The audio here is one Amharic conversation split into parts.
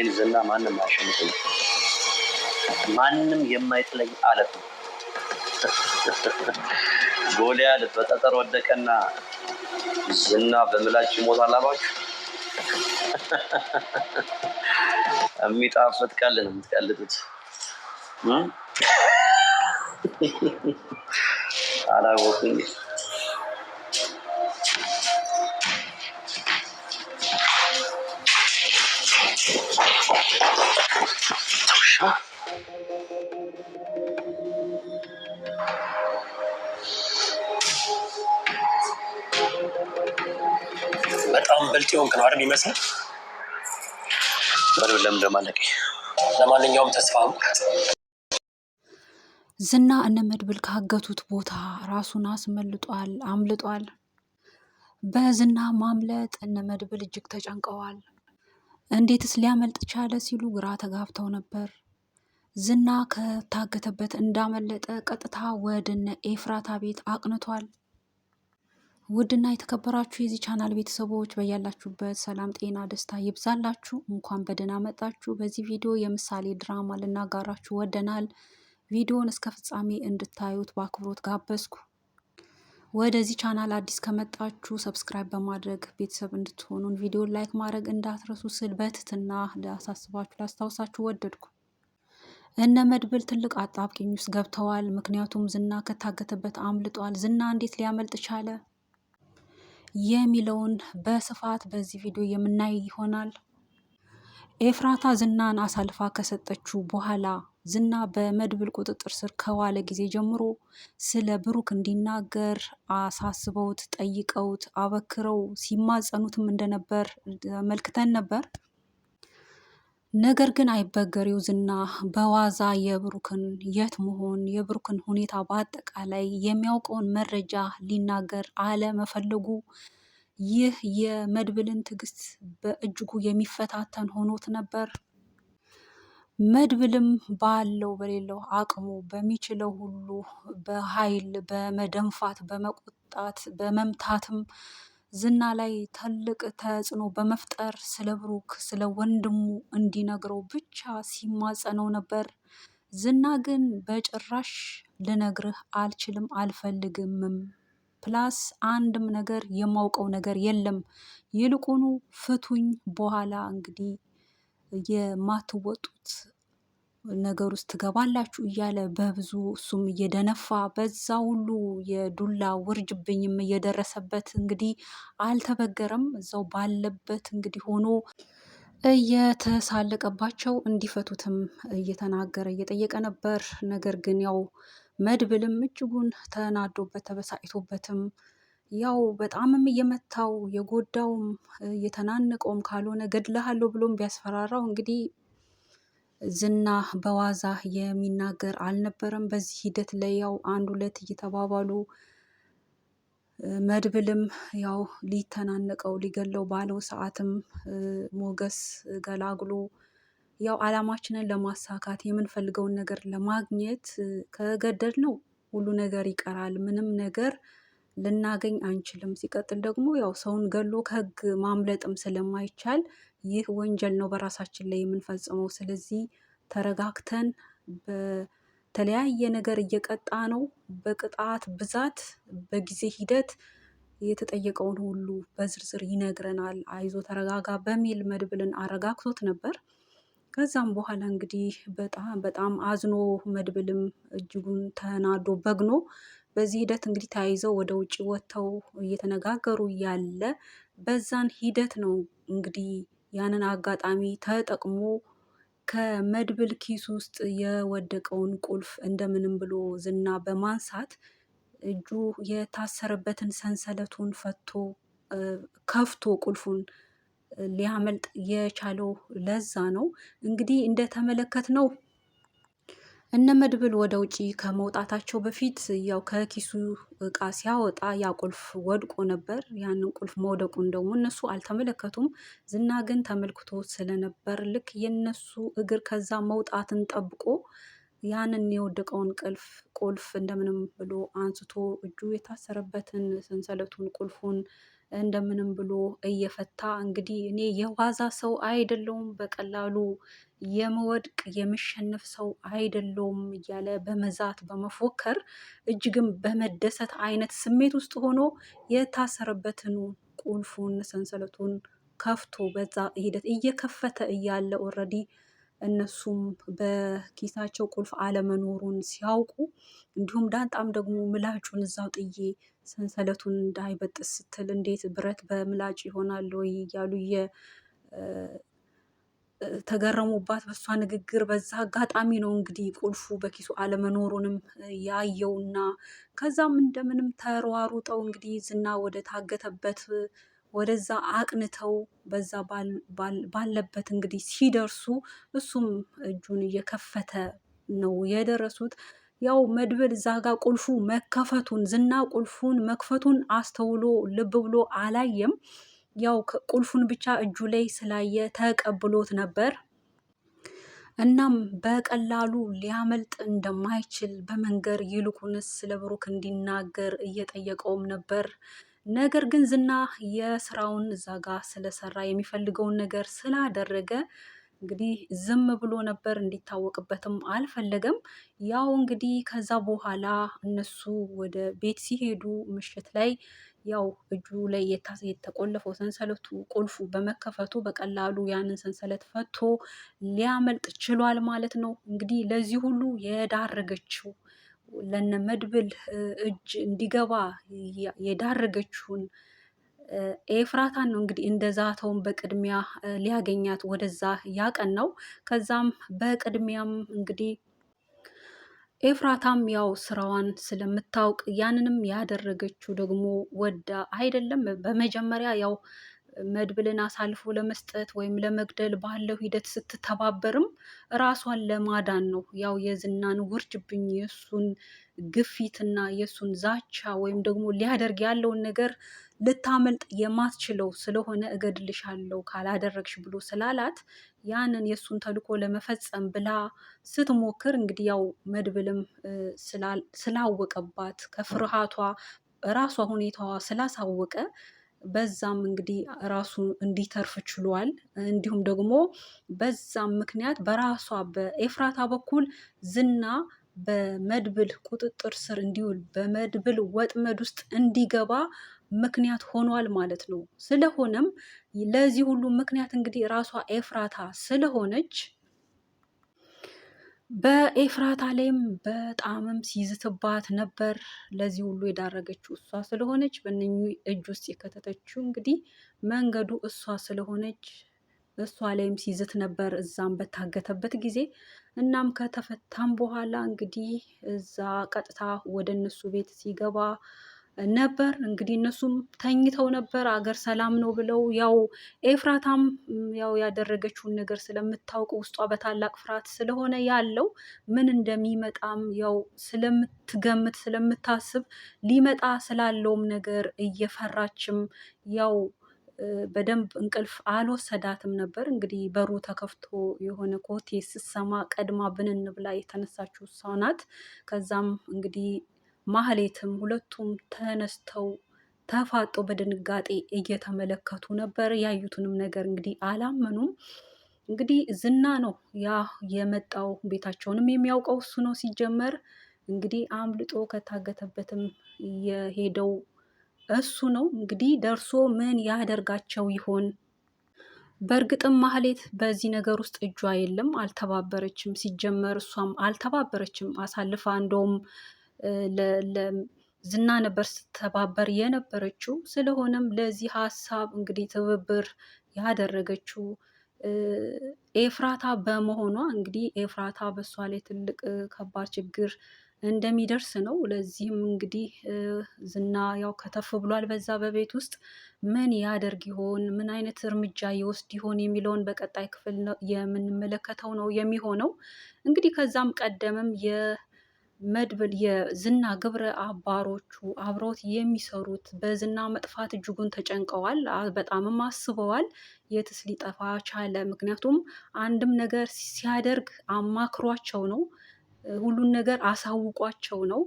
የእግዚአብሔርን ዝና ማንም አያሸንፍም። ማንም የማይጥለኝ አለት ነው። ጎልያድ በጠጠር ወደቀና ዝና በምላጭ ይሞታል አሏችሁ። የሚጣፍጥ ቀል ነው በጣም ብልጥ የሆንክ ነው አይደል? ይመስል ለማንኛውም ተስፋ ዝና እነ መድብል ካገቱት ቦታ ራሱን አስመልጧል፣ አምልጧል። በዝና ማምለጥ እነ መድብል እጅግ ተጨንቀዋል። እንዴትስ ሊያመልጥ ቻለ ሲሉ ግራ ተጋብተው ነበር። ዝና ከታገተበት እንዳመለጠ ቀጥታ ወደነ ኤፍራታ ቤት አቅንቷል። ውድና የተከበራችሁ የዚህ ቻናል ቤተሰቦች በያላችሁበት ሰላም፣ ጤና፣ ደስታ ይብዛላችሁ። እንኳን በደህና መጣችሁ። በዚህ ቪዲዮ የምሳሌ ድራማ ልናጋራችሁ ወደናል። ቪዲዮን እስከ ፍጻሜ እንድታዩት በአክብሮት ጋበዝኩ። ወደዚህ ቻናል አዲስ ከመጣችሁ ሰብስክራይብ በማድረግ ቤተሰብ እንድትሆኑን ቪዲዮ ላይክ ማድረግ እንዳትረሱ ስል በትትና ላሳስባችሁ ላስታውሳችሁ ወደድኩ። እነ መድብል ትልቅ አጣብቂኝ ውስጥ ገብተዋል። ምክንያቱም ዝና ከታገተበት አምልጧል። ዝና እንዴት ሊያመልጥ ቻለ? የሚለውን በስፋት በዚህ ቪዲዮ የምናይ ይሆናል። ኤፍራታ ዝናን አሳልፋ ከሰጠችው በኋላ ዝና በመድብል ቁጥጥር ስር ከዋለ ጊዜ ጀምሮ ስለ ብሩክ እንዲናገር አሳስበውት ጠይቀውት አበክረው ሲማጸኑትም እንደነበር ተመልክተን ነበር። ነገር ግን አይበገሬው ዝና በዋዛ የብሩክን የት መሆን የብሩክን ሁኔታ በአጠቃላይ የሚያውቀውን መረጃ ሊናገር አለመፈለጉ ይህ የመድብልን ትዕግስት በእጅጉ የሚፈታተን ሆኖት ነበር። መድብልም ባለው በሌለው አቅሙ በሚችለው ሁሉ በኃይል በመደንፋት በመቆጣት በመምታትም ዝና ላይ ትልቅ ተጽዕኖ በመፍጠር ስለ ብሩክ ስለ ወንድሙ እንዲነግረው ብቻ ሲማጸነው ነበር። ዝና ግን በጭራሽ ልነግርህ አልችልም አልፈልግምም፣ ፕላስ አንድም ነገር የማውቀው ነገር የለም፣ ይልቁኑ ፍቱኝ፣ በኋላ እንግዲህ የማትወጡት ነገር ውስጥ ትገባላችሁ እያለ በብዙ እሱም እየደነፋ በዛ ሁሉ የዱላ ውርጅብኝም እየደረሰበት እንግዲህ አልተበገረም። እዛው ባለበት እንግዲህ ሆኖ እየተሳለቀባቸው እንዲፈቱትም እየተናገረ እየጠየቀ ነበር። ነገር ግን ያው መድብልም እጅጉን ተናዶበት ተበሳጭቶበትም ያው በጣምም እየመታው የጎዳውም እየተናነቀውም ካልሆነ ገድልሃለሁ ብሎም ቢያስፈራራው እንግዲህ ዝና በዋዛ የሚናገር አልነበረም። በዚህ ሂደት ላይ ያው አንድ ሁለት እየተባባሉ መድብልም ያው ሊተናነቀው ሊገለው ባለው ሰዓትም ሞገስ ገላግሎ ያው አላማችንን ለማሳካት የምንፈልገውን ነገር ለማግኘት ከገደድ ነው ሁሉ ነገር ይቀራል። ምንም ነገር ልናገኝ አንችልም። ሲቀጥል ደግሞ ያው ሰውን ገሎ ከህግ ማምለጥም ስለማይቻል ይህ ወንጀል ነው በራሳችን ላይ የምንፈጽመው። ስለዚህ ተረጋግተን በተለያየ ነገር እየቀጣ ነው በቅጣት ብዛት በጊዜ ሂደት የተጠየቀውን ሁሉ በዝርዝር ይነግረናል። አይዞ ተረጋጋ በሚል መድብልን አረጋግቶት ነበር። ከዛም በኋላ እንግዲህ በጣም በጣም አዝኖ መድብልም እጅጉን ተናዶ በግኖ በዚህ ሂደት እንግዲህ ተያይዘው ወደ ውጭ ወጥተው እየተነጋገሩ ያለ በዛን ሂደት ነው እንግዲህ ያንን አጋጣሚ ተጠቅሞ ከመድብል ኪስ ውስጥ የወደቀውን ቁልፍ እንደምንም ብሎ ዝና በማንሳት እጁ የታሰረበትን ሰንሰለቱን ፈቶ ከፍቶ ቁልፉን ሊያመልጥ የቻለው ለዛ ነው። እንግዲህ እንደተመለከት ነው እነ መድብል ወደ ውጪ ከመውጣታቸው በፊት ያው ከኪሱ እቃ ሲያወጣ ያ ቁልፍ ወድቆ ነበር። ያንን ቁልፍ መውደቁን ደግሞ እነሱ አልተመለከቱም። ዝና ግን ተመልክቶ ስለነበር ልክ የነሱ እግር ከዛ መውጣትን ጠብቆ ያንን የወደቀውን ቅልፍ ቁልፍ እንደምንም ብሎ አንስቶ እጁ የታሰረበትን ሰንሰለቱን ቁልፉን እንደምንም ብሎ እየፈታ እንግዲህ እኔ የዋዛ ሰው አይደለውም፣ በቀላሉ የመወድቅ የመሸነፍ ሰው አይደለውም እያለ በመዛት በመፎከር እጅግም በመደሰት አይነት ስሜት ውስጥ ሆኖ የታሰረበትን ቁልፉን ሰንሰለቱን ከፍቶ በዛ ሂደት እየከፈተ እያለ ኦልሬዲ እነሱም በኪሳቸው ቁልፍ አለመኖሩን ሲያውቁ እንዲሁም ዳንጣም ደግሞ ምላጩን እዛው ጥዬ ሰንሰለቱን እንዳይበጥስ ስትል እንዴት ብረት በምላጭ ይሆናል ወይ እያሉ ተገረሙባት በእሷ ንግግር። በዛ አጋጣሚ ነው እንግዲህ ቁልፉ በኪሱ አለመኖሩንም ያየውና ከዛም እንደምንም ተሯሩጠው እንግዲህ ዝና ወደ ታገተበት ወደዛ አቅንተው በዛ ባለበት እንግዲህ ሲደርሱ እሱም እጁን እየከፈተ ነው የደረሱት። ያው መድብል እዛ ቁልፉ መከፈቱን ዝና ቁልፉን መክፈቱን አስተውሎ ልብ ብሎ አላየም። ያው ቁልፉን ብቻ እጁ ላይ ስላየ ተቀብሎት ነበር። እናም በቀላሉ ሊያመልጥ እንደማይችል በመንገር ይልቁንስ ስለ ብሩክ እንዲናገር እየጠየቀውም ነበር። ነገር ግን ዝና የስራውን እዛ ስለሰራ የሚፈልገውን ነገር ስላደረገ እንግዲህ ዝም ብሎ ነበር እንዲታወቅበትም አልፈለገም። ያው እንግዲህ ከዛ በኋላ እነሱ ወደ ቤት ሲሄዱ ምሽት ላይ ያው እጁ ላይ የተቆለፈው ሰንሰለቱ ቁልፉ በመከፈቱ በቀላሉ ያንን ሰንሰለት ፈቶ ሊያመልጥ ችሏል ማለት ነው። እንግዲህ ለዚህ ሁሉ የዳረገችው ለነ መድብል እጅ እንዲገባ የዳረገችውን ኤፍራታን ነው እንግዲህ እንደዛ ተውን በቅድሚያ ሊያገኛት ወደዛ ያቀን ነው። ከዛም በቅድሚያም እንግዲህ ኤፍራታም ያው ስራዋን ስለምታውቅ ያንንም ያደረገችው ደግሞ ወዳ አይደለም። በመጀመሪያ ያው መድብልን አሳልፎ ለመስጠት ወይም ለመግደል ባለው ሂደት ስትተባበርም ራሷን ለማዳን ነው። ያው የዝናን ውርጅብኝ የእሱን ግፊትና የእሱን ዛቻ ወይም ደግሞ ሊያደርግ ያለውን ነገር ልታመልጥ የማትችለው ስለሆነ እገድልሻለሁ ካላደረግሽ ብሎ ስላላት ያንን የእሱን ተልዕኮ ለመፈጸም ብላ ስትሞክር እንግዲህ ያው መድብልም ስላወቀባት ከፍርሃቷ ራሷ ሁኔታዋ ስላሳወቀ በዛም እንግዲህ ራሱ እንዲተርፍ ችሏል። እንዲሁም ደግሞ በዛም ምክንያት በራሷ በኤፍራታ በኩል ዝና በመድብል ቁጥጥር ስር እንዲውል በመድብል ወጥመድ ውስጥ እንዲገባ ምክንያት ሆኗል ማለት ነው። ስለሆነም ለዚህ ሁሉ ምክንያት እንግዲህ ራሷ ኤፍራታ ስለሆነች በኤፍራታ ላይም በጣምም ሲይዝትባት ነበር። ለዚህ ሁሉ የዳረገችው እሷ ስለሆነች በነኙ እጅ ውስጥ የከተተችው እንግዲህ መንገዱ እሷ ስለሆነች እሷ ላይም ሲይዝት ነበር እዛም በታገተበት ጊዜ። እናም ከተፈታም በኋላ እንግዲህ እዛ ቀጥታ ወደ እነሱ ቤት ሲገባ ነበር። እንግዲህ እነሱም ተኝተው ነበር፣ አገር ሰላም ነው ብለው ያው ኤፍራታም ያው ያደረገችውን ነገር ስለምታውቅ ውስጧ በታላቅ ፍርሃት ስለሆነ ያለው ምን እንደሚመጣም ያው ስለምትገምት ስለምታስብ ሊመጣ ስላለውም ነገር እየፈራችም ያው በደንብ እንቅልፍ አልወሰዳትም ነበር። እንግዲህ በሩ ተከፍቶ የሆነ ኮቴ ስሰማ ቀድማ ብንን ብላ የተነሳችው እሷ ናት። ከዛም እንግዲህ ማህሌትም ሁለቱም ተነስተው ተፋጦ በድንጋጤ እየተመለከቱ ነበር። ያዩትንም ነገር እንግዲህ አላመኑም። እንግዲህ ዝና ነው ያ የመጣው። ቤታቸውንም የሚያውቀው እሱ ነው። ሲጀመር እንግዲህ አምልጦ ከታገተበትም የሄደው እሱ ነው። እንግዲህ ደርሶ ምን ያደርጋቸው ይሆን? በእርግጥም ማህሌት በዚህ ነገር ውስጥ እጇ የለም፣ አልተባበረችም። ሲጀመር እሷም አልተባበረችም። አሳልፋ እንደውም ዝና ነበር ስተባበር የነበረችው። ስለሆነም ለዚህ ሀሳብ እንግዲህ ትብብር ያደረገችው ኤፍራታ በመሆኗ እንግዲህ ኤፍራታ በእሷ ላይ ትልቅ ከባድ ችግር እንደሚደርስ ነው። ለዚህም እንግዲህ ዝና ያው ከተፍ ብሏል። በዛ በቤት ውስጥ ምን ያደርግ ይሆን፣ ምን አይነት እርምጃ ይወስድ ይሆን የሚለውን በቀጣይ ክፍል የምንመለከተው ነው የሚሆነው። እንግዲህ ከዛም ቀደምም መድብል የዝና ግብረ አባሮቹ አብሮት የሚሰሩት በዝና መጥፋት እጅጉን ተጨንቀዋል። በጣምም አስበዋል። የትስ ሊጠፋ ቻለ? ምክንያቱም አንድም ነገር ሲያደርግ አማክሯቸው ነው፣ ሁሉን ነገር አሳውቋቸው ነው።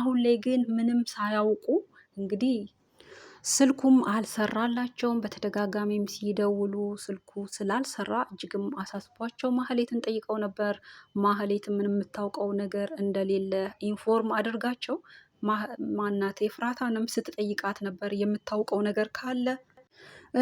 አሁን ላይ ግን ምንም ሳያውቁ እንግዲህ ስልኩም አልሰራላቸውም። በተደጋጋሚም ሲደውሉ ስልኩ ስላልሰራ እጅግም አሳስቧቸው ማህሌትን ጠይቀው ነበር። ማህሌት ምን የምታውቀው ነገር እንደሌለ ኢንፎርም አድርጋቸው ማናት ኤፍራታንም ስትጠይቃት ነበር የምታውቀው ነገር ካለ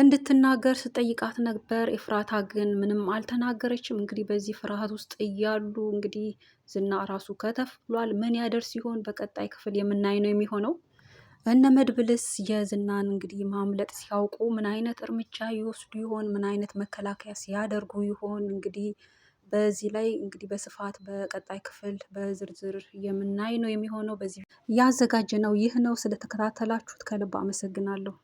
እንድትናገር ስጠይቃት ነበር። ኤፍራታ ግን ምንም አልተናገረችም። እንግዲህ በዚህ ፍርሃት ውስጥ እያሉ እንግዲህ ዝና ራሱ ከተፍ ብሏል። ምን ያደርስ ሲሆን በቀጣይ ክፍል የምናይ ነው የሚሆነው። እነ መድብልስ የዝናን እንግዲህ ማምለጥ ሲያውቁ ምን አይነት እርምጃ ይወስዱ ይሆን? ምን አይነት መከላከያ ሲያደርጉ ይሆን? እንግዲህ በዚህ ላይ እንግዲህ በስፋት በቀጣይ ክፍል በዝርዝር የምናይ ነው የሚሆነው። በዚህ ያዘጋጀ ነው ይህ ነው። ስለተከታተላችሁት ከልብ አመሰግናለሁ።